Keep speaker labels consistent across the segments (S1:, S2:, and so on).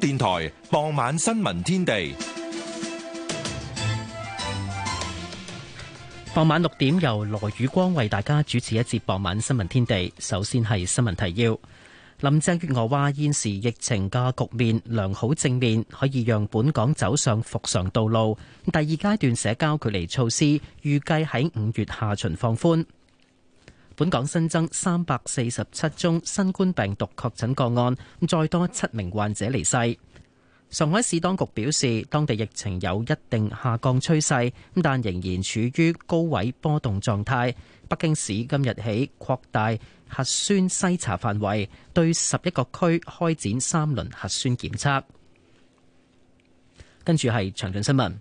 S1: 電台傍晚新聞天地，傍晚六
S2: 點由羅宇光為大家主持一節傍晚新聞天地。首先係新聞提要，林鄭月娥話現時疫情嘅局面良好正面，可以讓本港走上復常道路。第二階段社交距離措施預計喺五月下旬放寬。本港新增三百四十七宗新冠病毒確診個案，再多七名患者離世。上海市當局表示，當地疫情有一定下降趨勢，但仍然處於高位波動狀態。北京市今日起擴大核酸篩查範圍，對十一個區開展三輪核酸檢測。跟住係詳盡新聞。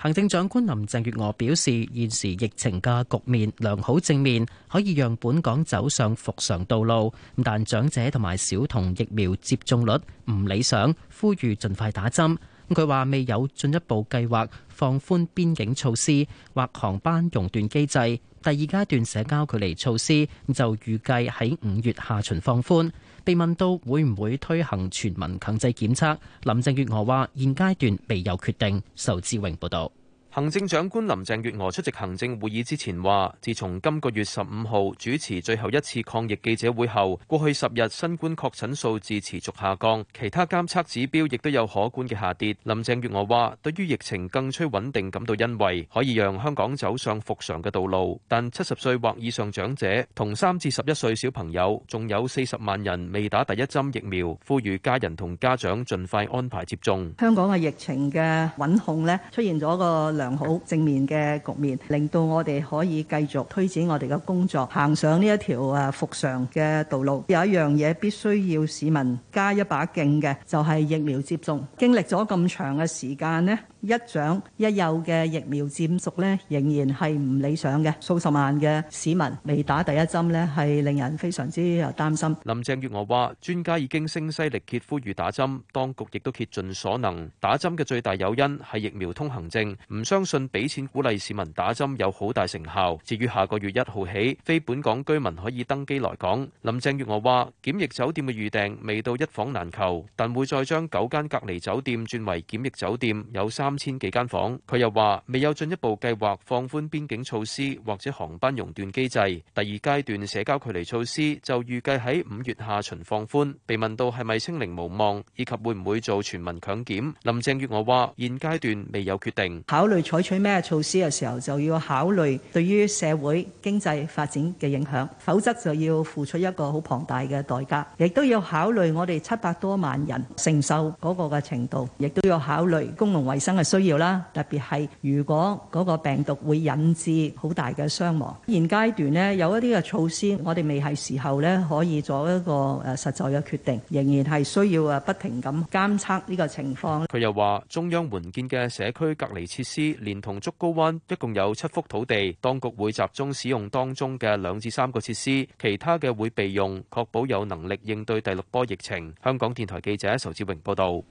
S2: 行政長官林鄭月娥表示，現時疫情嘅局面良好正面，可以讓本港走上復常道路。但長者同埋小童疫苗接種率唔理想，呼籲盡快打針。佢話未有進一步計劃放寬邊境措施或航班熔斷機制，第二階段社交距離措施就預計喺五月下旬放寬。被問到會唔會推行全民強制檢測，林鄭月娥話：現階段未有決定。仇志榮報道。
S3: 行政長官林鄭月娥出席行政會議之前話，自從今個月十五號主持最後一次抗疫記者會後，過去十日新冠確診數字持續下降，其他監測指標亦都有可觀嘅下跌。林鄭月娥話，對於疫情更趨穩定感到欣慰，可以讓香港走上復常嘅道路。但七十歲或以上長者同三至十一歲小朋友，仲有四十萬人未打第一針疫苗，呼籲家人同家長盡快安排接種。
S4: 香港嘅疫情嘅穩控呢，出現咗個良好正面嘅局面，令到我哋可以繼續推展我哋嘅工作，行上呢一條誒復常嘅道路。有一樣嘢必須要市民加一把勁嘅，就係、是、疫苗接種。經歷咗咁長嘅時間咧，一長一幼嘅疫苗接種咧，仍然係唔理想嘅。數十萬嘅市民未打第一針咧，係令人非常之擔心。
S3: 林鄭月娥話，專家已經聲嘶力竭，呼籲打針，當局亦都竭盡所能，打針嘅最大誘因係疫苗通行證。唔。相信俾錢鼓勵市民打針有好大成效。至於下個月一號起，非本港居民可以登機來港。林鄭月娥話：檢疫酒店嘅預訂未到一房難求，但會再將九間隔離酒店轉為檢疫酒店，有三千幾間房。佢又話：未有進一步計劃放寬邊境措施或者航班熔斷機制。第二階段社交距離措施就預計喺五月下旬放寬。被問到係咪清零無望以及會唔會做全民強檢，林鄭月娥話：現階段未有決定
S4: 考慮。採取咩措施嘅時候，就要考慮對於社會經濟發展嘅影響，否則就要付出一個好龐大嘅代價，亦都要考慮我哋七百多萬人承受嗰個嘅程度，亦都要考慮公共衛生嘅需要啦。特別係如果嗰個病毒會引致好大嘅傷亡，現階段咧有一啲嘅措施，我哋未係時候咧可以做一個誒實在嘅決定，仍然係需要誒不停咁監測呢個情況。
S3: 佢又話中央援建嘅社區隔離設施，連同竹篙灣一共有七幅土地，當局會集中使用當中嘅兩至三個設施，其他嘅會備用，確保有能力應對第六波疫情。香港電台記者仇志榮報道。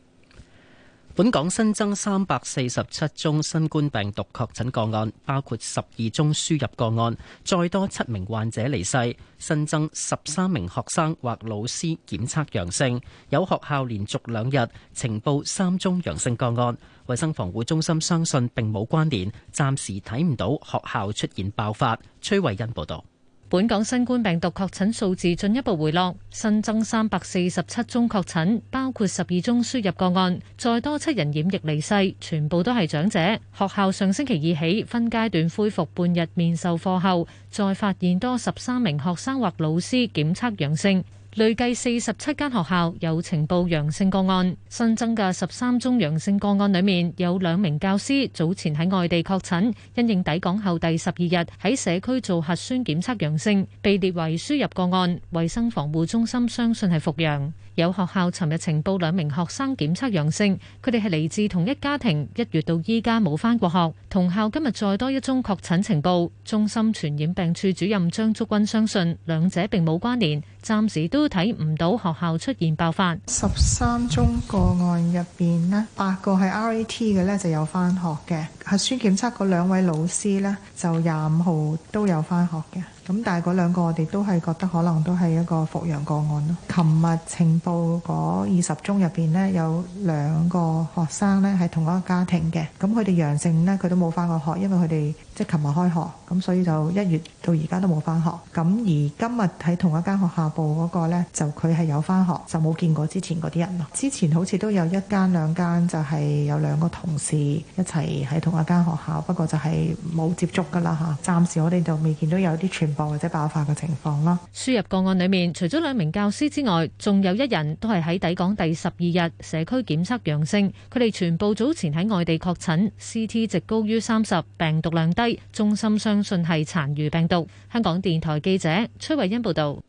S2: 本港新增三百四十七宗新冠病毒確診個案，包括十二宗輸入個案，再多七名患者離世，新增十三名學生或老師檢測陽性，有學校連續兩日呈報三宗陽性個案。衛生防護中心相信並冇關聯，暫時睇唔到學校出現爆發。崔慧欣報道。
S5: 本港新冠病毒確診數字進一步回落，新增三百四十七宗確診，包括十二宗輸入個案，再多七人染疫離世，全部都係長者。學校上星期二起分階段恢復半日面授課後，再發現多十三名學生或老師檢測陽性。累計四十七間學校有情報陽性個案，新增嘅十三宗陽性個案裏面，有兩名教師早前喺外地確診，因應抵港後第十二日喺社區做核酸檢測陽性，被列為輸入個案。衛生防護中心相信係復陽。有學校尋日情報兩名學生檢測陽性，佢哋係嚟自同一家庭，一月到依家冇返過學。同校今日再多一宗確診情報，中心傳染病處主任張竹君相信兩者並冇關聯，暫時都睇唔到學校出現爆發。十三宗
S6: 個案入邊咧，八個係 RAT 嘅咧就有返學嘅。核酸檢測嗰兩位老師呢，就廿五號都有翻學嘅，咁但係嗰兩個我哋都係覺得可能都係一個復陽個案咯。琴日呈報嗰二十宗入邊呢，有兩個學生呢係同一個家庭嘅，咁佢哋陽性呢，佢都冇翻過學，因為佢哋。即係琴日開學，咁所以就一月到而家都冇翻學，咁而今日喺同一間學校報嗰個咧，就佢係有翻學，就冇見過之前嗰啲人咯。之前好似都有一間兩間就係有兩個同事一齊喺同一間學校，不過就係冇接觸噶啦吓，暫時我哋就未見到有啲傳播或者爆發嘅情況啦。
S5: 輸入個案裏面，除咗兩名教師之外，仲有一人都係喺抵港第十二日社區檢測陽性，佢哋全部早前喺外地確診，CT 值高於三十，病毒量低。中心相信係殘餘病毒。香港電台記者崔慧欣報道，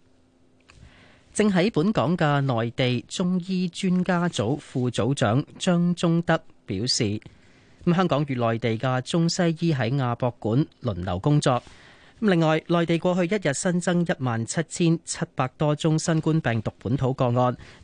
S5: 正喺
S2: 本港嘅內地中醫專家組副組長張忠德表示，咁香港與內地嘅中西醫喺亞博館輪流工作。另外，內地過去一日新增一萬七千七百多宗新冠病毒本土個案，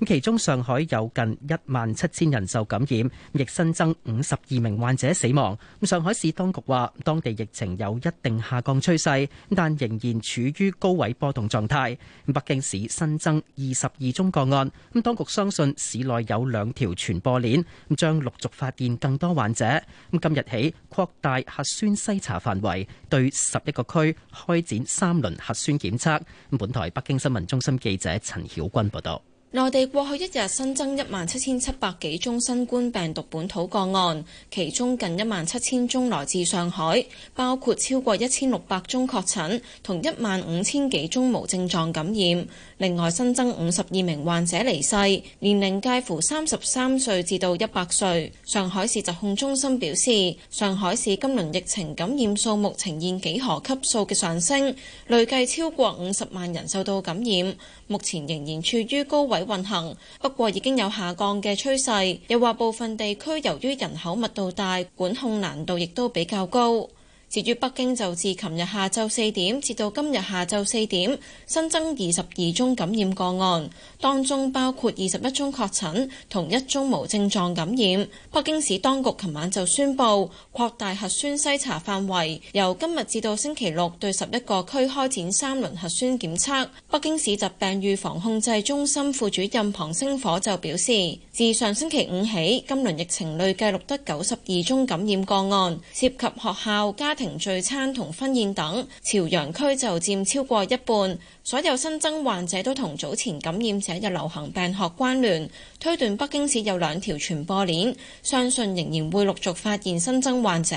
S2: 咁其中上海有近一萬七千人受感染，亦新增五十二名患者死亡。上海市當局話，當地疫情有一定下降趨勢，但仍然處於高位波動狀態。北京市新增二十二宗個案，咁當局相信市內有兩條傳播鏈，咁將陸續發現更多患者。咁今日起擴大核酸篩查範圍，對十一個區，開展三輪核酸檢測。本台北京新聞中心記者陳曉君報道。
S7: 內地過去一日新增一萬七千七百幾宗新冠病毒本土個案，其中近一萬七千宗來自上海，包括超過一千六百宗確診，同一萬五千幾宗無症狀感染。另外新增五十二名患者離世，年齡介乎三十三歲至到一百歲。上海市疾控中心表示，上海市今輪疫情感染數目呈現幾何級數嘅上升，累計超過五十萬人受到感染，目前仍然處於高位。運行不過已經有下降嘅趨勢，又話部分地區由於人口密度大，管控難度亦都比較高。至於北京就自琴日下晝四點至到今日下晝四點新增二十二宗感染個案，當中包括二十一宗確診同一宗無症狀感染。北京市當局琴晚就宣布擴大核酸篩查範圍，由今日至到星期六對十一個區開展三輪核酸檢測。北京市疾病預防控制中心副主任龐星火就表示，自上星期五起，今輪疫情累計錄得九十二宗感染個案，涉及學校、家庭、聚餐同婚宴等，朝陽區就佔超過一半。所有新增患者都同早前感染者嘅流行病學關聯，推斷北京市有兩條傳播鏈，相信仍然會陸續發現新增患者。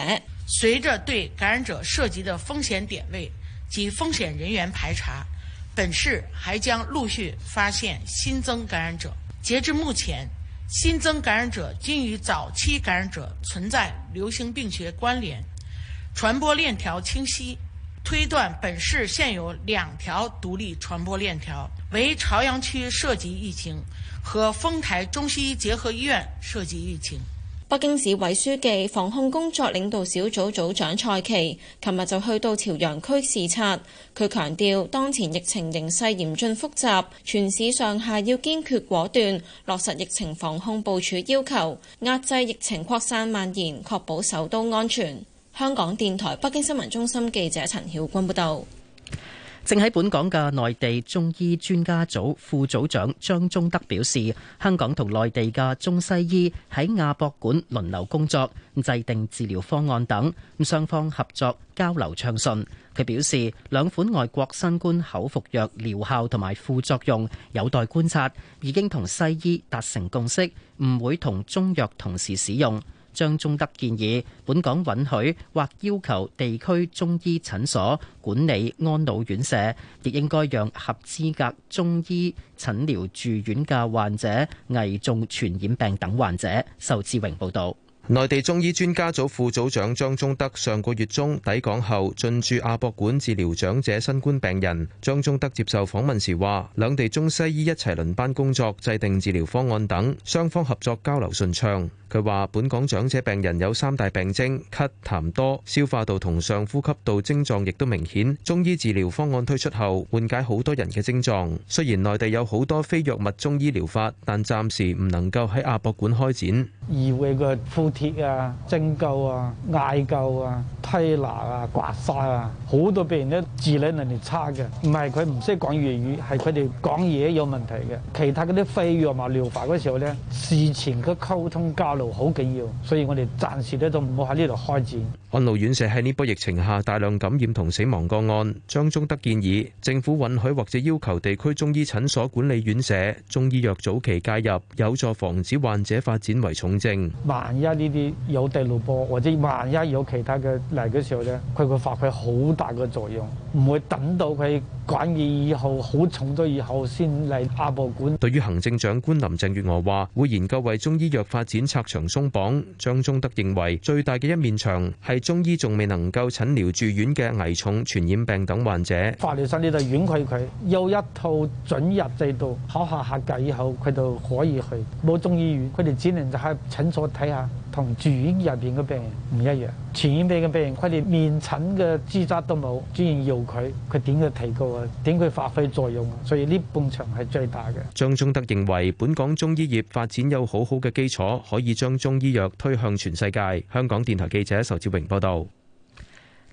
S6: 隨着對感染者涉及的
S7: 風險點
S6: 位及風險人員排查，本市還將陸續發現新增感染者。截至目前，新增感染者均與早期感染者存在流行病學關聯。傳播鏈條清晰，推斷本市現有兩條獨立傳播鏈條，為朝陽區涉及疫情和豐台中西醫結合醫院涉及疫情。
S7: 北京市委書記、防控工作領導小組組長蔡奇，琴日就去到朝陽區視察，佢強調，當前疫情形勢嚴峻複雜，全市上下要堅決果斷落實疫情防控部署要求，壓制疫情擴散蔓延，確保首都安全。香港電台北京新聞中心記者陳曉君報道，
S2: 正喺本港嘅內地中醫專家組副組長張忠德表示，香港同內地嘅中西醫喺亞博館輪流工作，制定治療方案等，雙方合作交流暢順。佢表示，兩款外國新冠口服藥療效同埋副作用有待觀察，已經同西醫達成共識，唔會同中藥同時使用。張忠德建議，本港允許或要求地區中醫診所管理安老院舍，亦應該讓合資格中醫診療住院嘅患者，危重傳染病等患者。仇志榮報道。
S3: 內地中醫專家組副組長張忠德上個月中抵港後，進駐亞博館治療長者新冠病人。張忠德接受訪問時話：兩地中西醫一齊輪班工作，制定治療方案等，雙方合作交流順暢。佢話：本港長者病人有三大病徵，咳痰，痰多，消化道同上呼吸道症狀亦都明顯。中醫治療方案推出後，緩解好多人嘅症狀。雖然內地有好多非藥物中醫療法，但暫時唔能夠喺亞博館開展。
S8: 鐵啊，針灸啊，艾灸啊。批拿啊、刮痧啊，好多病人都自理能力差嘅，唔係佢唔識講粵語，係佢哋講嘢有問題嘅。其他嗰啲西藥啊療法嗰時候咧，事前嘅溝通交流好緊要，所以我哋暫時咧都唔好喺呢度開展。
S3: 安老院舍喺呢波疫情下大量感染同死亡個案，張忠德建議政府允許或者要求地區中醫診所管理院舍中醫藥早期介入，有助防止患者發展為重症。
S8: 萬一呢啲有第六波，或者萬一有其他嘅。大嗰時候咧，佢會發揮好大嘅作用，唔會等到佢管理以後好重咗以後先嚟阿部管。
S3: 對於行政長官林鄭月娥話會研究為中醫藥發展拆牆鬆綁，張忠德認為最大嘅一面牆係中醫仲未能夠診療住院嘅危重傳染病等患者。
S8: 法律上呢度遠佢，佢，有一套准入制度，考核合格以後，佢就可以去冇中醫院，佢哋只能就喺診所睇下。同住院入邊嘅病人唔一樣，傳染病嘅病人佢連面診嘅資質都冇，專然要佢，佢點去提高啊？點去發揮作用啊？所以呢半場係最大嘅。
S3: 張忠德認為，本港中醫業發展有好好嘅基礎，可以將中醫藥推向全世界。香港電台記者仇志榮報道。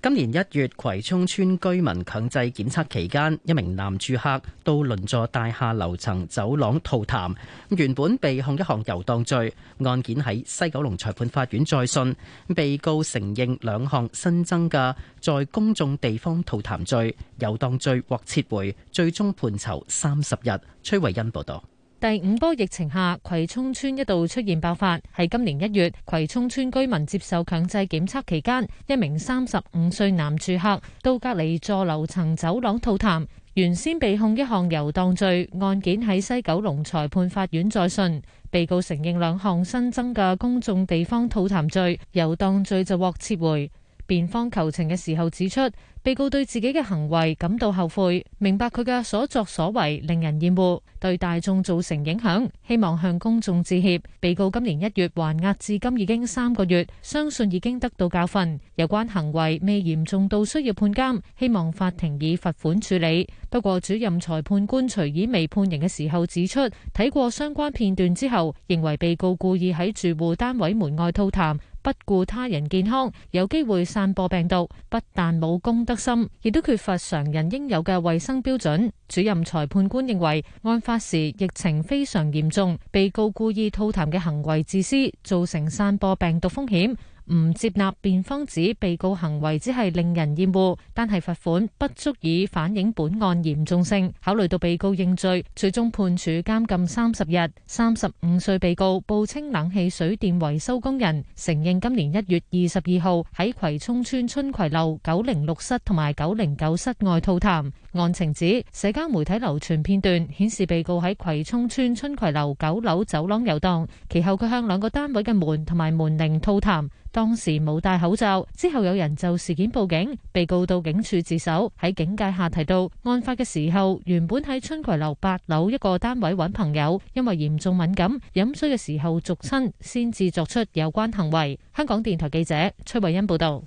S2: 今年一月，葵涌村居民強制檢測期間，一名男住客到鄰座大廈樓層走廊吐痰，原本被控一項遊蕩罪，案件喺西九龍裁判法院再訊，被告承認兩項新增嘅在公眾地方吐痰罪、遊蕩罪獲撤回，最終判囚三十日。崔慧欣報道。
S5: 第五波疫情下，葵涌村一度出現爆發，喺今年一月，葵涌村居民接受強制檢測期間，一名三十五歲男住客到隔離座樓層走廊吐痰，原先被控一項遊蕩罪，案件喺西九龍裁判法院再訊，被告承認兩項新增嘅公眾地方吐痰罪、遊蕩罪就獲撤回。辯方求情嘅時候指出，被告對自己嘅行為感到後悔，明白佢嘅所作所為令人厭惡，對大眾造成影響，希望向公眾致歉。被告今年一月還押至今已經三個月，相信已經得到教訓。有關行為未嚴重到需要判監，希望法庭以罰款處理。不過，主任裁判官隨以未判刑嘅時候指出，睇過相關片段之後，認為被告故意喺住戶單位門外吐痰。不顧他人健康，有機會散播病毒，不但冇公德心，亦都缺乏常人應有嘅衛生標準。主任裁判官認為，案發時疫情非常嚴重，被告故意吐痰嘅行為自私，造成散播病毒風險。唔接納辯方指被告行為只係令人厭惡，但係罰款不足以反映本案嚴重性。考慮到被告認罪，最終判處監禁三十日。三十五歲被告報稱冷氣水電維修工人，承認今年一月二十二號喺葵涌村春葵樓九零六室同埋九零九室外吐痰。案情指，社交媒體流傳片段顯示被告喺葵涌村春葵樓九樓走廊遊蕩，其後佢向兩個單位嘅門同埋門鈴吐痰，當時冇戴口罩。之後有人就事件報警，被告到警署自首，喺警戒下提到案發嘅時候，原本喺春葵樓八樓一個單位揾朋友，因為嚴重敏感飲水嘅時候續親先至作出有關行為，香港電台記者崔慧欣報道。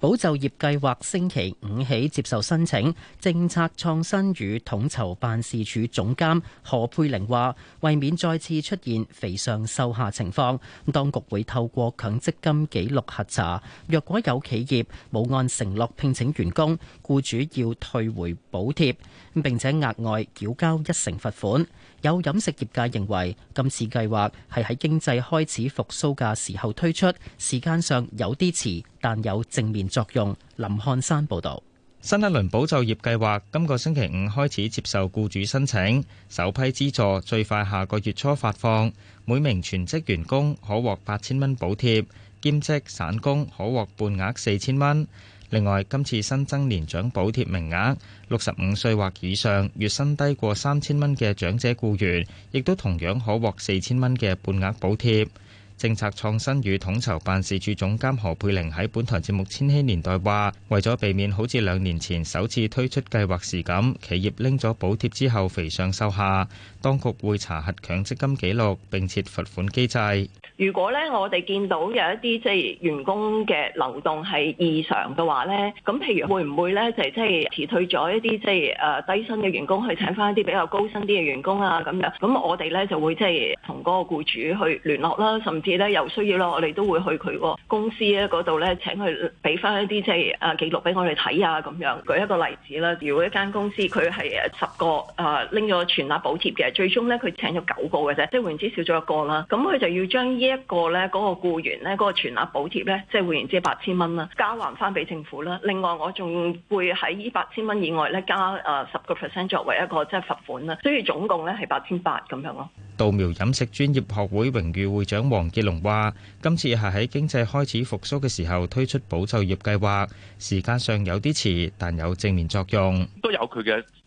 S2: 保就業計劃星期五起接受申請，政策創新與統籌辦事處總監何佩玲話，為免再次出現肥上瘦下情況，咁當局會透過強積金記錄核查，若果有企業冇按承諾聘，聘請員工，僱主要退回補貼，咁並且額外繳交一成罰款。有飲食業界認為，今次計劃係喺經濟開始復甦嘅時候推出，時間上有啲遲，但有正面作用。林漢山報導，
S9: 新一輪保就業計劃今個星期五開始接受僱主申請，首批資助最快下個月初發放，每名全職員工可獲八千蚊補貼，兼職散工可獲半額四千蚊。另外，今次新增年長補貼名額，六十五歲或以上月薪低過三千蚊嘅長者僱員，亦都同樣可獲四千蚊嘅半額補貼。政策創新與統籌辦事處總監何佩玲喺本台節目《千禧年代》話：為咗避免好似兩年前首次推出計劃時咁，企業拎咗補貼之後肥上瘦下。當局會查核強積金記錄，並設罰款機制。
S4: 如果咧我哋見到有一啲即係員工嘅流動係異常嘅話咧，咁譬如會唔會咧就係即係辭退咗一啲即係誒低薪嘅員工，去請翻一啲比較高薪啲嘅員工啊咁樣？咁我哋咧就會即係同嗰個僱主去聯絡啦，甚至咧有需要咯，我哋都會去佢個公司咧嗰度咧請佢俾翻一啲即係誒記錄俾我哋睇啊咁樣。舉一個例子啦，如果一間公司佢係誒十個誒拎咗全額補貼嘅。最終呢，佢請咗九個嘅啫，即係換言之少咗一個啦。咁佢就要將呢一個呢嗰個僱員咧，嗰個全額補貼呢，即係換言之八千蚊啦，交還翻俾政府啦。另外我仲會喺呢八千蚊以外呢，加啊十個 percent 作為一個即係罰款啦。所以總共呢係八千
S6: 八咁樣咯。
S9: 稻苗飲食專業學會榮譽會長黃傑龍話：今次係喺經濟開始復甦嘅時候推出保就業計劃，時間上有啲遲，但有正面作用。
S1: 都有佢嘅。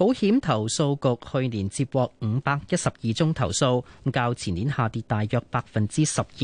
S2: 保險投訴局去年接獲五百一十二宗投訴，咁較前年下跌大約百分之十二。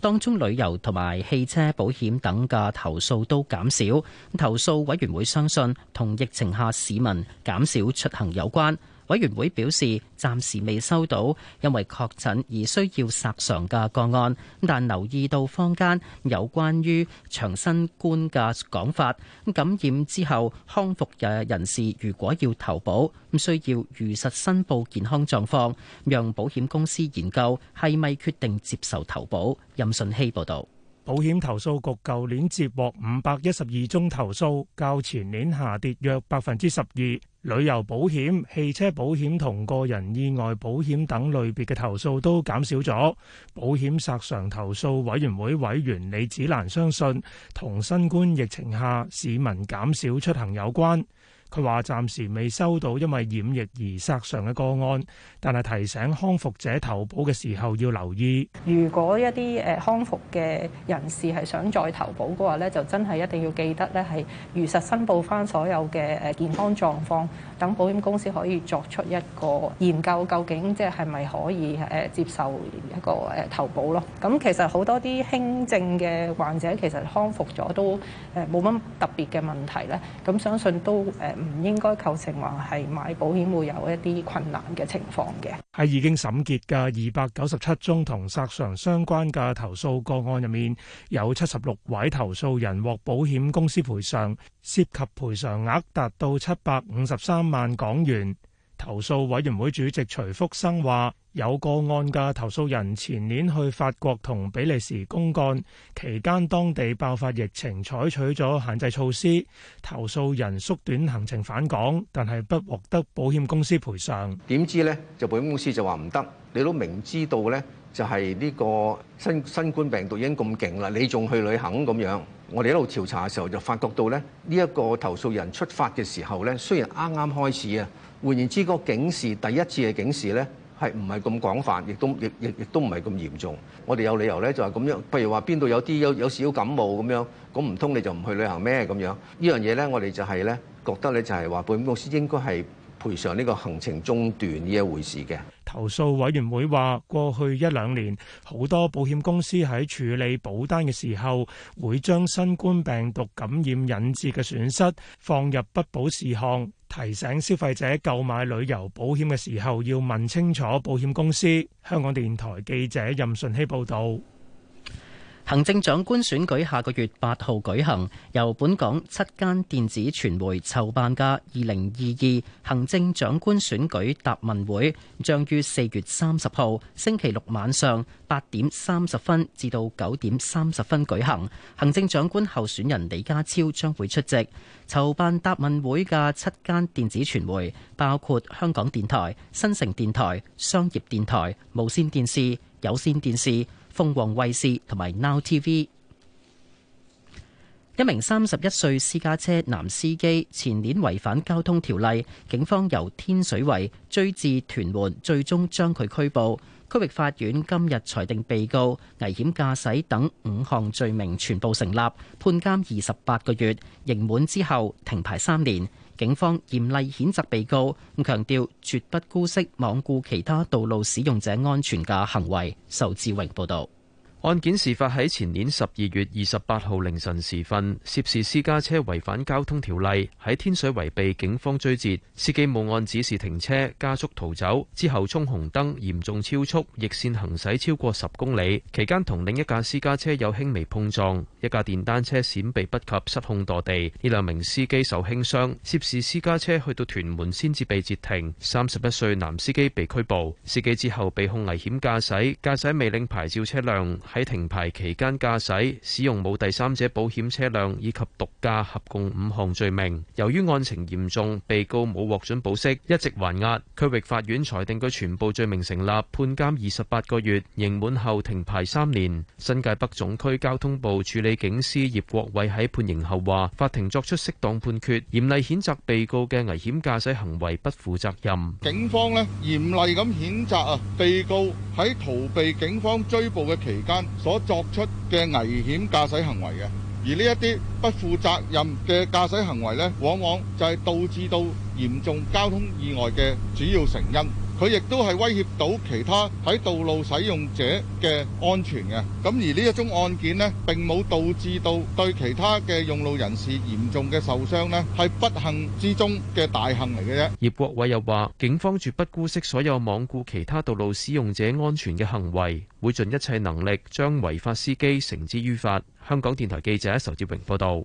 S2: 當中旅遊同埋汽車保險等嘅投訴都減少。投訴委員會相信同疫情下市民減少出行有關。委員會表示，暫時未收到因為確診而需要賠償嘅個案，但留意到坊間有關於長新冠嘅講法，感染之後康復嘅人士如果要投保，咁需要如實申報健康狀況，讓保險公司研究係咪決定接受投
S1: 保。任順希報道，保險投訴局舊年接獲五百一十二宗投訴，較前年下跌約百分之十二。旅遊保險、汽車保險同個人意外保險等類別嘅投訴都減少咗。保險索償投訴委員會委員李子蘭相信，同新冠疫情下市民減少出行有關。佢話暫時未收到因為染疫而殺傷嘅個案，但係提醒康復者投保嘅時候要留意。如果
S4: 一啲誒康復嘅人士係想再投保嘅話咧，就真係一定要記得咧係如實申報翻所有嘅誒健康狀況，等保險公司可以作出一個研究，究竟即係係咪可以誒接受一個誒投保咯？咁其實好多啲輕症嘅患者其實康復咗都誒冇乜特別嘅問題咧，咁相信都誒。唔應該構成話係買保險會有一啲
S6: 困難嘅情況嘅。
S1: 喺已經審結嘅二百九十七宗同索償相關嘅投訴個案入面，有七十六位投訴人獲保險公司賠償，涉及賠償額達到七百五十三萬港元。投訴委員會主席徐福生話，有個案嘅投訴人前年去法國同比利時公幹期間當地爆發疫情，採取咗限制措施。投訴人縮短行程返港，但係不獲得保險公司賠償。
S3: 點知咧，就保險公司就話唔得。你都明知道咧，就係、是、呢個新新冠病毒已經咁勁啦，你仲去旅行咁樣，我哋一路調查嘅時候就發覺到咧，呢、這、一個投訴人出發嘅時候咧，雖然啱啱開始啊。換言之，個警示第一次嘅警示呢，係唔係咁廣泛，亦都亦亦都唔係咁嚴重。我哋有理由呢，就係咁樣，譬如話邊度有啲有有少感冒咁樣，咁唔通你就唔去旅行咩？咁樣呢樣嘢呢，我哋就係呢，覺得你就係話保險公司應該係賠償呢個行程中斷呢一回事嘅。
S1: 投訴委員會話，過去一兩年好多保險公司喺處理保單嘅時候，會將新冠病毒感染引致嘅損失放入不保事項。提醒消費者購買旅遊保險嘅時候，要問清楚保險公司。香港電台記者任順希報導。行政長官選舉下個月八號舉行，由本港
S2: 七間電子傳媒籌辦嘅二零二二行政長官選舉答問會，將於四月三十號星期六晚上八點三十分至到九點三十分舉行。行政長官候選人李家超將會出席。籌辦答問會嘅七間電子傳媒，包括香港電台、新城電台、商業電台、無綫電視、有綫電視。鳳凰衛視同埋 Now TV。一名三十一歲私家車男司機前年違反交通條例，警方由天水圍追至屯門，最終將佢拘捕。區域法院今日裁定被告危險駕駛等五項罪名全部成立，判監二十八個月，刑滿之後停牌三年。警方嚴厲譴責被告，咁強調絕不
S3: 姑息罔顧其他道路使用者安全嘅行為。仇志榮報道。案件事發喺前年十二月二十八號凌晨時分，涉事私家車違反交通條例，喺天水圍被警方追截，司機冇按指示停車，加速逃走之後衝紅燈，嚴重超速，逆線行駛超過十公里，期間同另一架私家車有輕微碰撞，一架電單車閃避不及失控墮地，呢兩名司機受輕傷，涉事私家車去到屯門先至被截停，三十一歲男司機被拘捕，司機之後被控危險駕駛、駕駛未領牌照車輛。喺停牌期間駕駛使用冇第三者保險車輛以及毒駕，合共五項罪名。由於案情嚴重，被告冇獲准保釋，一直還押。區域法院裁定佢全部罪名成立，判監二十八個月，刑滿後停牌三年。新界北總區交通部處理警司葉國偉喺判刑後話：法庭作出適當判決，嚴厲譴責被告嘅危險駕駛行為，不負責任。
S10: 警
S11: 方呢嚴厲咁譴責啊，被告喺逃避警方追捕嘅期間，所作出嘅危險駕駛行為嘅，而呢一啲不負責任嘅駕駛行為咧，往往就係導致到嚴重交通意外嘅主要成因。佢亦都係威脅到其他喺道路使用者嘅安全嘅。咁而呢一宗案件呢，並冇導致到對其他嘅用路人士嚴重嘅受傷呢，係不幸之中嘅大幸嚟嘅啫。
S3: 葉國偉又話，警方絕不姑息所有罔顧其他道路使用者安全嘅行為，會盡一切能力將違法司機繩之於法。香港電台記者仇志榮報道。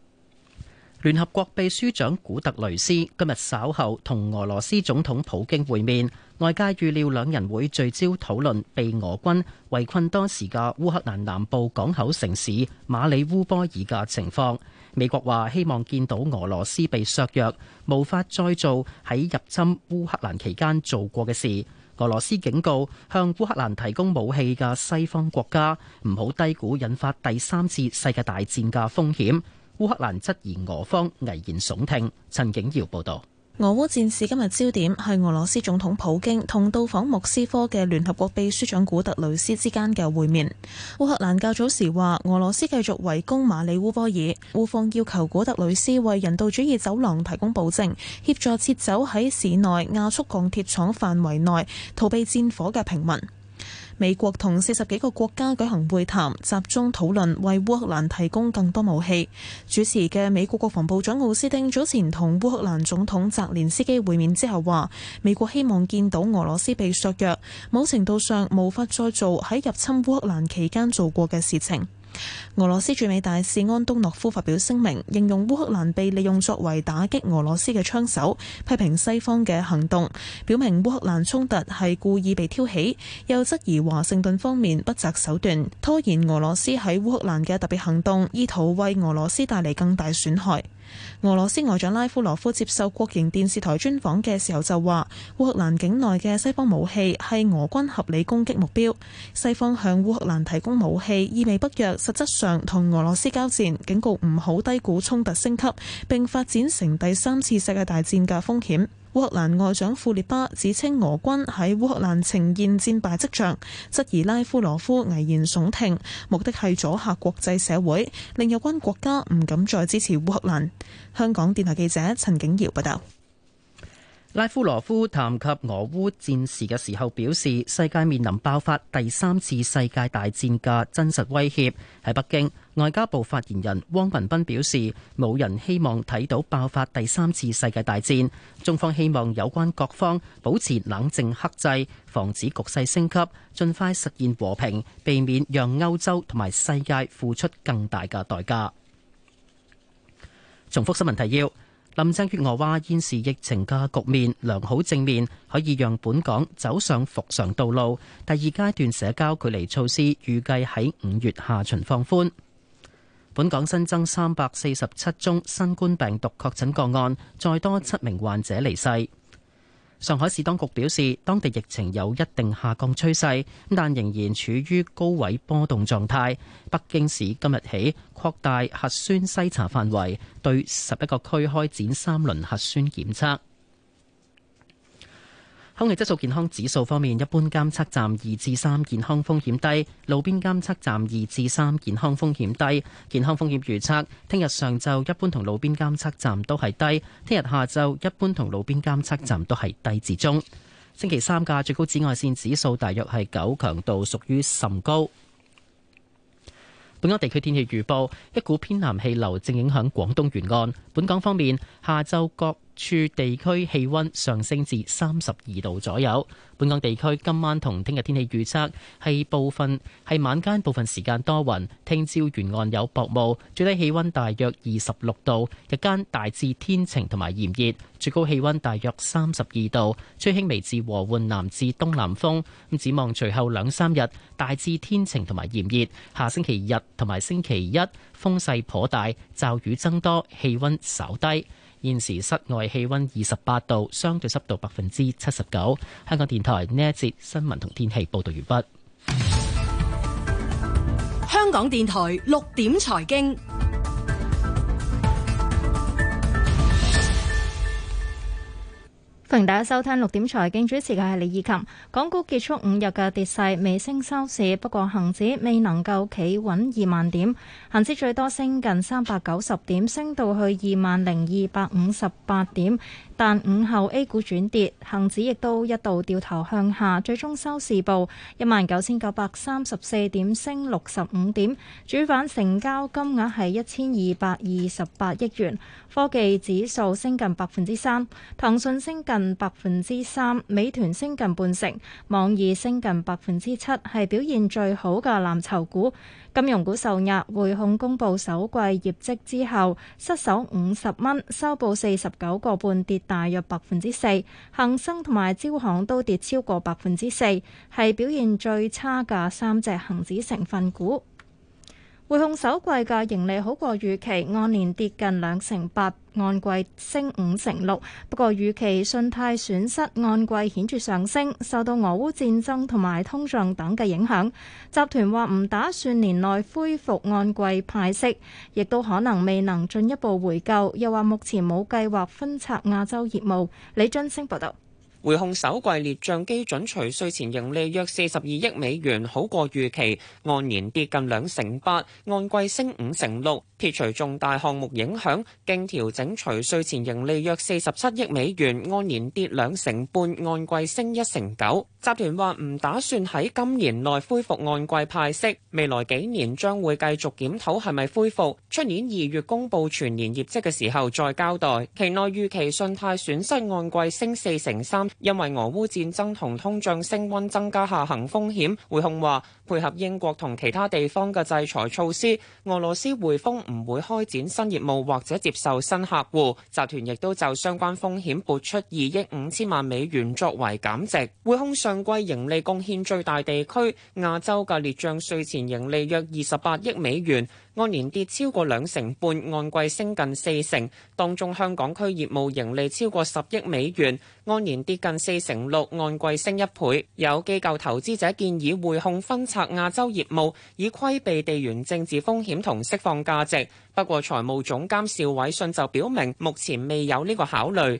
S3: 聯
S2: 合國秘書長古特雷斯今日稍後同俄羅斯總統普京會面，外界預料兩人會聚焦討論被俄軍圍困多時嘅烏克蘭南部港口城市馬里烏波爾嘅情況。美國話希望見到俄羅斯被削弱，無法再做喺入侵烏克蘭期間做過嘅事。俄羅斯警告向烏克蘭提供武器嘅西方國家唔好低估引發第三次世界大戰嘅風險。烏克蘭質疑俄方危言聳聽。陳景堯報道，
S6: 俄烏戰事今日焦點係俄羅斯總統普京同到訪莫斯科嘅聯合國秘書長古特雷斯之間嘅會面。烏克蘭較早時話，俄羅斯繼續圍攻馬里烏波爾，烏方要求古特雷斯為人道主義走廊提供保證，協助撤走喺市內亞速鋼鐵廠範圍內逃避戰火嘅平民。美國同四十幾個國家舉行會談，集中討論為烏克蘭提供更多武器。主持嘅美國國防部長奧斯汀早前同烏克蘭總統澤連斯基會面之後話：美國希望見到俄羅斯被削弱，某程度上無法再做喺入侵烏克蘭期間做過嘅事情。俄羅斯駐美大使安東諾夫發表聲明，形容烏克蘭被利用作為打擊俄羅斯嘅槍手，批評西方嘅行動，表明烏克蘭衝突係故意被挑起，又質疑華盛頓方面不擇手段，拖延俄羅斯喺烏克蘭嘅特別行動，意圖為俄羅斯帶嚟更大損害。俄羅斯外長拉夫羅夫接受國營電視台專訪嘅時候就話，烏克蘭境內嘅西方武器係俄軍合理攻擊目標。西方向烏克蘭提供武器意味北約，實質上同俄羅斯交戰，警告唔好低估衝突升級並發展成第三次世界大戰嘅風險。烏克蘭外長庫列巴指稱俄軍喺烏克蘭呈現戰敗跡象，質疑拉夫羅夫危言聳聽，目的係阻嚇國際社會，令有關國家唔敢再支持烏克蘭。香港電台記者陳景堯報道。
S2: 拉夫羅夫談及俄烏戰事嘅時候表示，世界面臨爆發第三次世界大戰嘅真實威脅。喺北京，外交部發言人汪文斌表示，冇人希望睇到爆發第三次世界大戰。中方希望有關各方保持冷靜克制，防止局勢升級，盡快實現和平，避免讓歐洲同埋世界付出更大嘅代價。重複新聞提要。林鄭月娥話：現時疫情嘅局面良好正面，可以讓本港走上復常道路。第二階段社交距離措施預計喺五月下旬放寬。本港新增三百四十七宗新冠病毒確診個案，再多七名患者離世。上海市當局表示，當地疫情有一定下降趨勢，但仍然處於高位波動狀態。北京市今日起擴大核酸篩查範圍，對十一個區開展三輪核酸檢測。空氣質素健康指數方面，一般監測站二至三，健康風險低；路邊監測站二至三，健康風險低。健康風險預測：聽日上晝一般同路邊監測站都係低；聽日下晝一般同路邊監測站都係低至中。星期三嘅最高紫外線指數大約係九，強度屬於甚高。本港地區天氣預報：一股偏南氣流正影響廣東沿岸。本港方面，下晝各。處地區氣溫上升至三十二度左右。本港地區今晚同聽日天氣預測係部分係晚間部分時間多雲，聽朝沿岸有薄霧，最低氣溫大約二十六度，日間大致天晴同埋炎熱，最高氣溫大約三十二度，吹輕微至和緩南至東南風。咁展望隨後兩三日大致天晴同埋炎熱，下星期日同埋星期一風勢頗大，驟雨增多，氣溫稍低。現時室外氣溫二十八度，相對濕度百分之七十九。香港電台呢一節新聞同天氣報道完畢。
S12: 香港電台六點財經。歡迎大家收聽六點財經，主持嘅係李以琴。港股結束五日嘅跌勢，微升收市，不過恒指未能夠企穩二萬點，恒指最多升近三百九十點，升到去二萬零二百五十八點。但午後 A 股轉跌，恒指亦都一度掉頭向下，最終收市報一萬九千九百三十四點，升六十五點，主板成交金額係一千二百二十八億元。科技指數升近百分之三，騰訊升近百分之三，美團升近半成，網易升近百分之七，係表現最好嘅藍籌股。金融股受壓，匯控公佈首季業績之後，失守五十蚊，收報四十九個半跌，大約百分之四，恒生同埋招行都跌超過百分之四，係表現最差嘅三隻恒指成分股。匯控首季嘅盈利好過預期，按年跌近兩成八，按季升五成六。不過預期信貸損失按季顯著上升，受到俄烏戰爭同埋通脹等嘅影響。集團話唔打算年內恢復按季派息，亦都可能未能進一步回購。又話目前冇計劃分拆亞洲業務。李俊星報道。
S10: 匯控首季列賬基準除稅前盈利約四十二億美元，好過預期，按年跌近兩成八，按季升五成六。撇除重大項目影響，經調整除稅前盈利約四十七億美元，按年跌兩成半，按季升一成九。集團話唔打算喺今年內恢復按季派息，未來幾年將會繼續檢討係咪恢復。出年二月公布全年業績嘅時候再交代。期內預期信貸損失按季升四成三。因為俄烏戰爭同通脹升溫增加下行風險，匯控話配合英國同其他地方嘅制裁措施，俄羅斯匯豐唔會開展新業務或者接受新客戶，集團亦都就相關風險撥出二億五千萬美元作為減值。匯控上季盈利貢獻最大地區亞洲嘅列帳稅前盈利約二十八億美元。按年跌超過兩成半，按季升近四成。當中香港區業務盈利超過十億美元，按年跌近四成六，按季升一倍。有機構投資者建議匯控分拆亞洲業務，以規避地緣政治風險同釋放價值。不過財務總監邵偉信就表明，目前未有呢個考慮。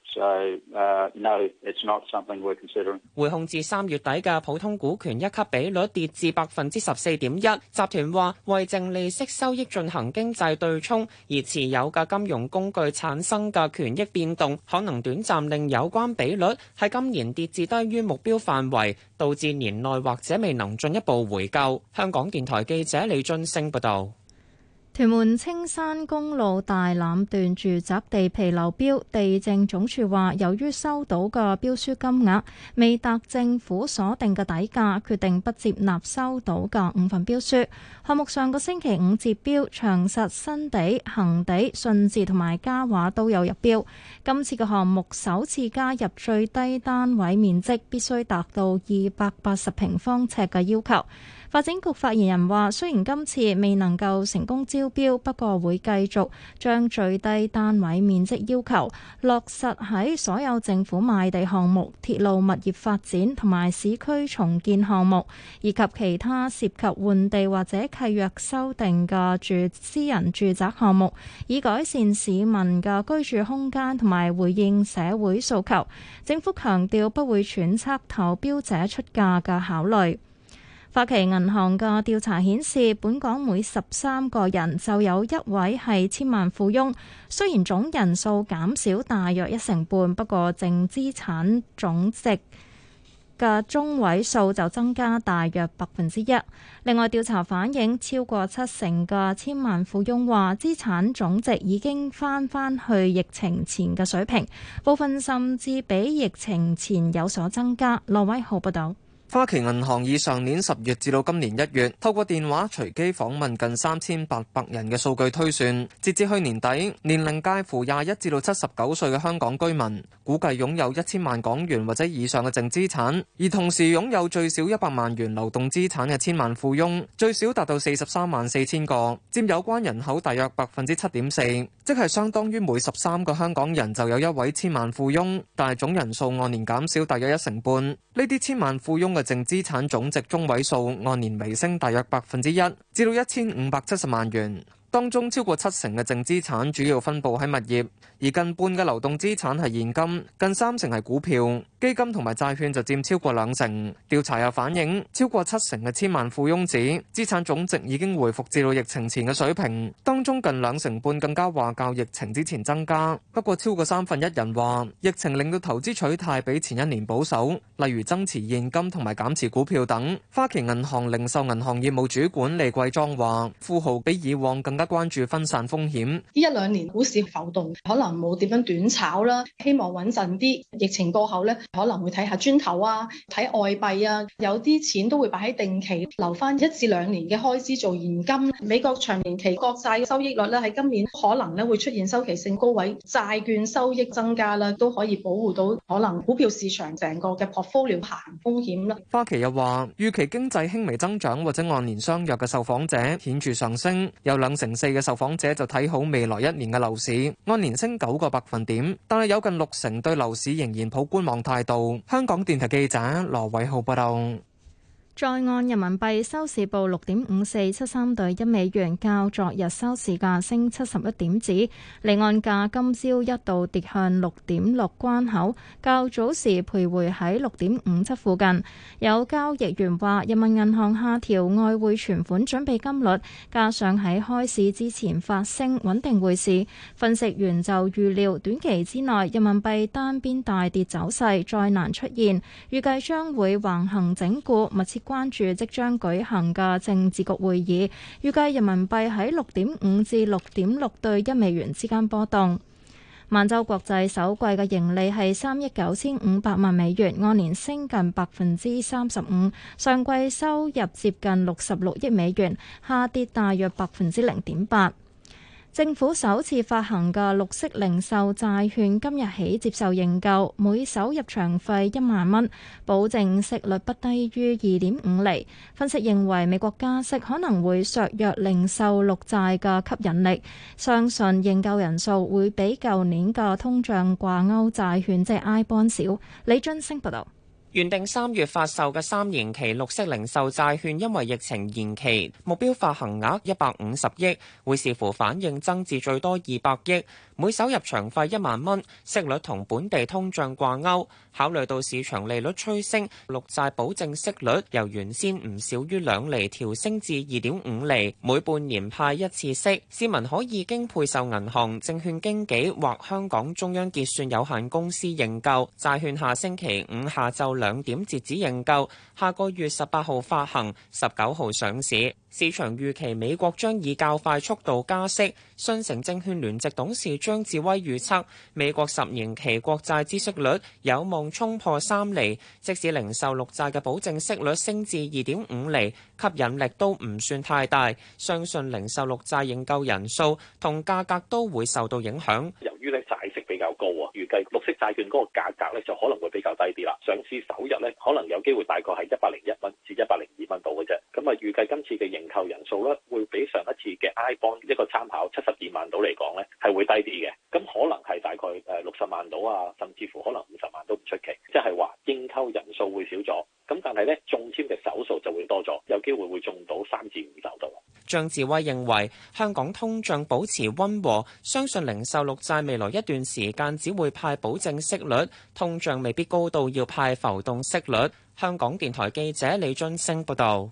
S9: So, uh, no, it's not something we're considering。
S10: 匯控至三月底嘅普通股權一級比率跌至百分之十四點一。集團話為淨利息收益進行經濟對沖，而持有嘅金融工具產生嘅權益變動，可能短暫令有關比率喺今年跌至低於目標範圍，導致年內或者未能進一步回購。香港電台記者李俊升報道。
S12: 屯門青山公路大欖段住宅地皮流標，地政總署話，由於收到嘅標書金額未達政府所定嘅底價，決定不接納收到嘅五份標書。項目上個星期五接標，長實、新地、恒地、信置同埋嘉華都有入標。今次嘅項目首次加入最低單位面積必須達到二百八十平方尺嘅要求。發展局發言人話：雖然今次未能夠成功招標，不過會繼續將最低單位面積要求落實喺所有政府賣地項目、鐵路物業發展同埋市區重建項目，以及其他涉及換地或者契約修訂嘅住私人住宅項目，以改善市民嘅居住空間同埋回應社會訴求。政府強調不會揣測投標者出價嘅考慮。花旗銀行嘅調查顯示，本港每十三個人就有一位係千萬富翁。雖然總人數減少大約一成半，不過淨資產總值嘅中位數就增加大約百分之一。另外，調查反映超過七成嘅千萬富翁話，資產總值已經返返去疫情前嘅水平，部分甚至比疫情前有所增加。羅威浩報導。
S11: 花旗銀行以上年十月至到今年一月，透過電話隨機訪問近三千八百人嘅數據推算，截至去年底，年齡介乎廿一至到七十九歲嘅香港居民，估計擁有一千萬港元或者以上嘅淨資產；而同時擁有最少一百萬元流動資產嘅千萬富翁，最少達到四十三萬四千個，佔有關人口大約百分之七點四，即係相當於每十三個香港人就有一位千萬富翁。但係總人數按年減少大約一成半。呢啲千萬富翁嘅淨資產總值中位數按年微升大約百分之一，至到一千五百七十萬元。當中超過七成嘅淨資產主要分布喺物業，而近半嘅流動資產係現金，近三成係股票、基金同埋債券就佔超過兩成。調查又反映，超過七成嘅千萬富翁指資產總值已經回復至到疫情前嘅水平，當中近兩成半更加話較疫情之前增加。不過超過三分一人話，疫情令到投資取態比前一年保守，例如增持現金同埋減持股票等。花旗銀行零售銀行業務主管李桂莊話：富豪比以往更加關注分散風險。
S13: 呢一兩年股市浮動，可能冇點樣短炒啦，希望穩陣啲。疫情過後咧，可能會睇下磚頭啊，睇外幣啊，有啲錢都會擺喺定期，留翻一至兩年嘅開支做現金。美國長年期國債收益率咧，喺今年可能咧會出現周期性高位，債券收益增加啦，都可以保護到可能股票市場成個嘅 portfolio 行風
S11: 險啦。花旗又話，預期經濟輕微增長或者按年相若嘅受訪者顯著上升，有兩成四嘅受訪者就睇好未來一年嘅樓市，按年升九個百分點，但係有近六成對樓市仍然抱觀望態度。香港電台記者羅偉浩報道。
S12: 在岸人民幣收市報六點五四七三對一美元，較昨日收市價升七十一點子。離岸價今朝一度跌向六點六關口，較早時徘徊喺六點五七附近。有交易員話人民銀行下調外匯存款準備金率，加上喺開市之前發聲穩定匯市。分析員就預料短期之內人民幣單邊大跌走勢再難出現，預計將會橫行整固，密切。關注即將舉行嘅政治局會議，預計人民幣喺六點五至六點六對一美元之間波動。萬洲國際首季嘅盈利係三億九千五百萬美元，按年升近百分之三十五，上季收入接近六十六億美元，下跌大約百分之零點八。政府首次發行嘅綠色零售債券今日起接受認購，每手入場費一萬蚊，保證息率不低於二點五厘，分析認為美國加息可能會削弱零售綠債嘅吸引力，相信認購人數會比舊年嘅通脹掛鈎債券即係 I bond 少。李津升報道。
S10: 原定三月發售嘅三年期綠色零售債券，因為疫情延期，目標發行額一百五十億，會視乎反應，增至最多二百億，每手入場費一萬蚊，息率同本地通脹掛鈎。考慮到市場利率趨升，綠債保證息率由原先唔少於兩厘調升至二點五厘，每半年派一次息。市民可以經配售銀行、證券經紀或香港中央結算有限公司認購債券。下星期五下晝。兩點截止認購，下個月十八號發行，十九號上市。市場預期美國將以較快速度加息。信誠證券聯席董事張智威預測，美國十年期國債孳息率有望衝破三厘，即使零售綠債嘅保證息率升至二點五厘，吸引力都唔算太大。相信零售綠債認購人數同價格都會受到影響。
S7: 由於呢債息比
S8: 較高。預計綠色債券嗰個價格咧就可能會比較低啲啦。上市首日咧可能有機會大概係一百零一蚊至一百零二蚊到嘅啫。咁啊預計今次嘅認購人數咧會比上一次嘅 iBond 一個參考七十二萬到嚟講咧係會低啲嘅。咁可能係大概誒六十萬到啊，甚至乎可能五十萬都唔出奇。即係話認購人數會少咗，咁但係咧中籤嘅手數就會多咗，有機會會中到三至五手到。
S10: 張志威認為香港通脹保持溫和，相信零售綠債未來一段時間只會。派保證息率，通脹未必高到要派浮動息率。香港電台記者李俊升報導。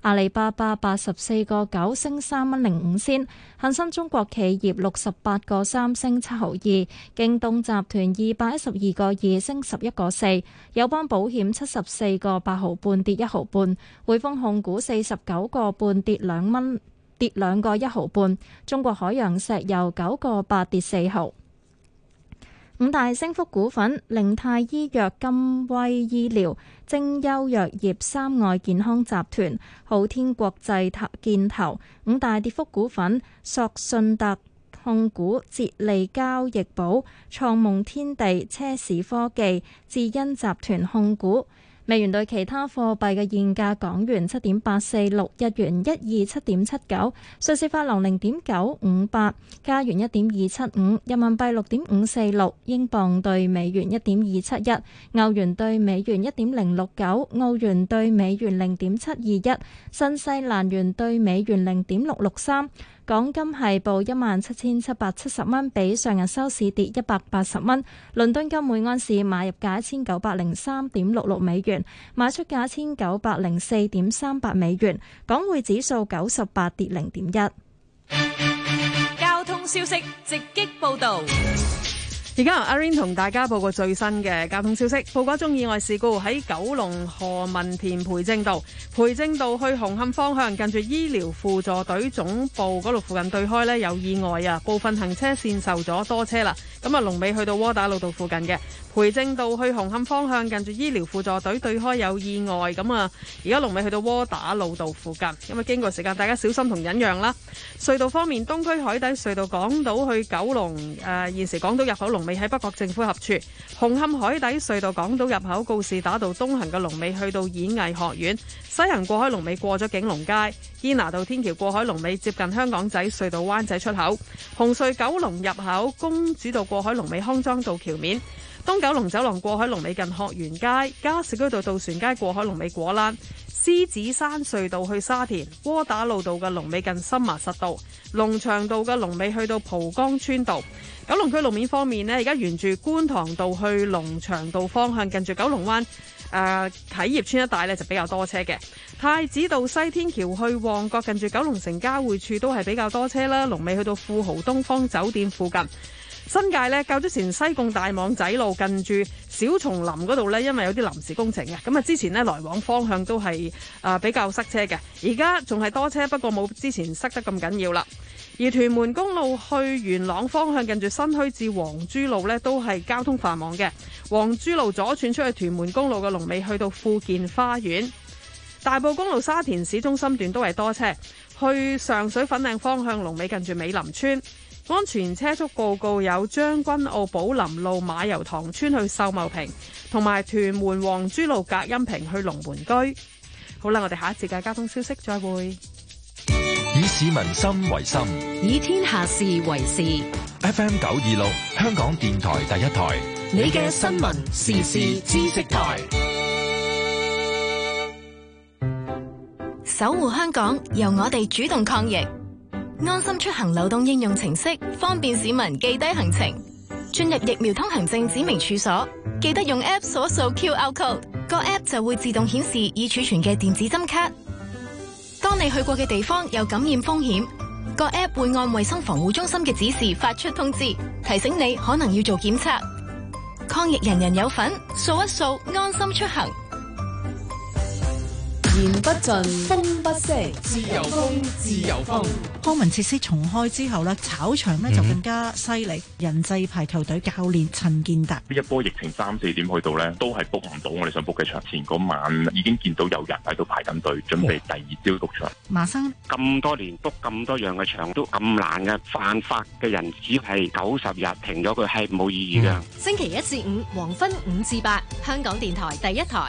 S12: 阿里巴巴八十四個九升三蚊零五仙，恒生中國企業六十八個三升七毫二，京東集團二百一十二個二升十一個四，友邦保險七十四個八毫半跌一毫半，匯豐控股四十九個半跌兩蚊跌兩個一毫半，中國海洋石油九個八跌四毫。五大升幅股份：凌泰醫藥、金威醫療、精優藥業、三愛健康集團、昊天國際建投。五大跌幅股份：索信達控股、捷利交易寶、創夢天地、車市科技、智恩集團控股。美元兌其他貨幣嘅現價：港元七點八四六，日元一二七點七九，瑞士法郎零點九五八，加元一點二七五，人民幣六點五四六，英鎊對美元一點二七一，歐元對美元一點零六九，澳元對美元零點七二一，新西蘭元對美元零點六六三。港金係報一萬七千七百七十蚊，比上日收市跌一百八十蚊。倫敦金每安士買入價一千九百零三點六六美元，賣出價一千九百零四點三八美元。港匯指數九十八跌零點一。
S13: 交通消
S12: 息直擊報道。
S13: 而家由阿 rain 同大家報個最新嘅交通消息。報告一宗意外事故喺九龍何文田培正道，培正道去紅磡方向，近住醫療輔助隊總部嗰度附近對開呢有意外啊，部分行車線受咗多車啦。咁啊，龍尾去到窩打老道附近嘅。回正道去紅磡方向，近住醫療輔助隊對開有意外咁啊，而家龍尾去到窩打老道附近，因為經過時間，大家小心同忍讓啦。隧道方面，東區海底隧道港島去九龍誒，現時港島入口龍尾喺北角政府合署；紅磡海底隧道港島入口告士打道東行嘅龍尾去到演藝學院，西行過海龍尾過咗景隆街，堅拿道天橋過海龍尾接近香港仔隧道灣仔出口，紅隧九龍入口公主道過海龍尾康莊道橋面。東九龍走廊過海龍尾近鶴園街、加士居道，道、渡船街過海龍尾果欄、獅子山隧道去沙田、窩打老道嘅龍尾近深麻實道、龍翔道嘅龍尾去到蒲崗村道。九龍區路面方面呢，而家沿住觀塘道去龍翔道方向，近住九龍灣誒啟業村一帶呢就比較多車嘅。太子道西天橋去旺角，近住九龍城交匯處都係比較多車啦。龍尾去到富豪東方酒店附近。新界呢，較之前西貢大網仔路近住小松林嗰度呢，因為有啲臨時工程嘅，咁啊之前呢，來往方向都係啊比較塞車嘅，而家仲係多車，不過冇之前塞得咁緊要啦。而屯門公路去元朗方向近住新墟至黃珠路呢，都係交通繁忙嘅。黃珠路左轉出去屯門公路嘅龍尾去到富建花園，大埔公路沙田市中心段都係多車，去上水粉嶺方向龍尾近住美林村。安全車速報告有將軍澳寶林路馬油塘村去秀茂坪，同埋屯門黃珠路隔音屏去龍門居。好啦，我哋下一節嘅交通消息再會。
S1: 以市民心為心，
S5: 以天下事為事。
S1: FM 九二六，香港電台第一台，
S5: 你嘅新聞時事知識台，
S12: 守護香港，由我哋主動抗疫。安心出行流動應用程式，方便市民記低行程，進入疫苗通行證指明處所，記得用 app 掃一掃 QR code，個 app 就會自動顯示已儲存嘅電子針卡。當你去過嘅地方有感染風險，個 app 會按衛生防護中心嘅指示發出通知，提醒你可能要做檢測。抗疫人人有份，掃一掃安心出行。
S6: 言不盡，風不息，自由風，自由風。康文設施重開之後呢，炒場呢就更加犀利。嗯、人際排球隊教練陳建達，呢
S1: 一波疫情三四點去到呢，都係 book 唔到我哋想 book 嘅場。前嗰晚已經見到有人喺度排緊隊，準備第二朝 book 場。嗯、馬生，咁多年 book 咁多樣嘅場都咁難嘅、啊，犯法嘅人只要係九十日停咗佢係冇意義嘅。嗯、
S5: 星期一至五黃昏五至八，香港電台第一台。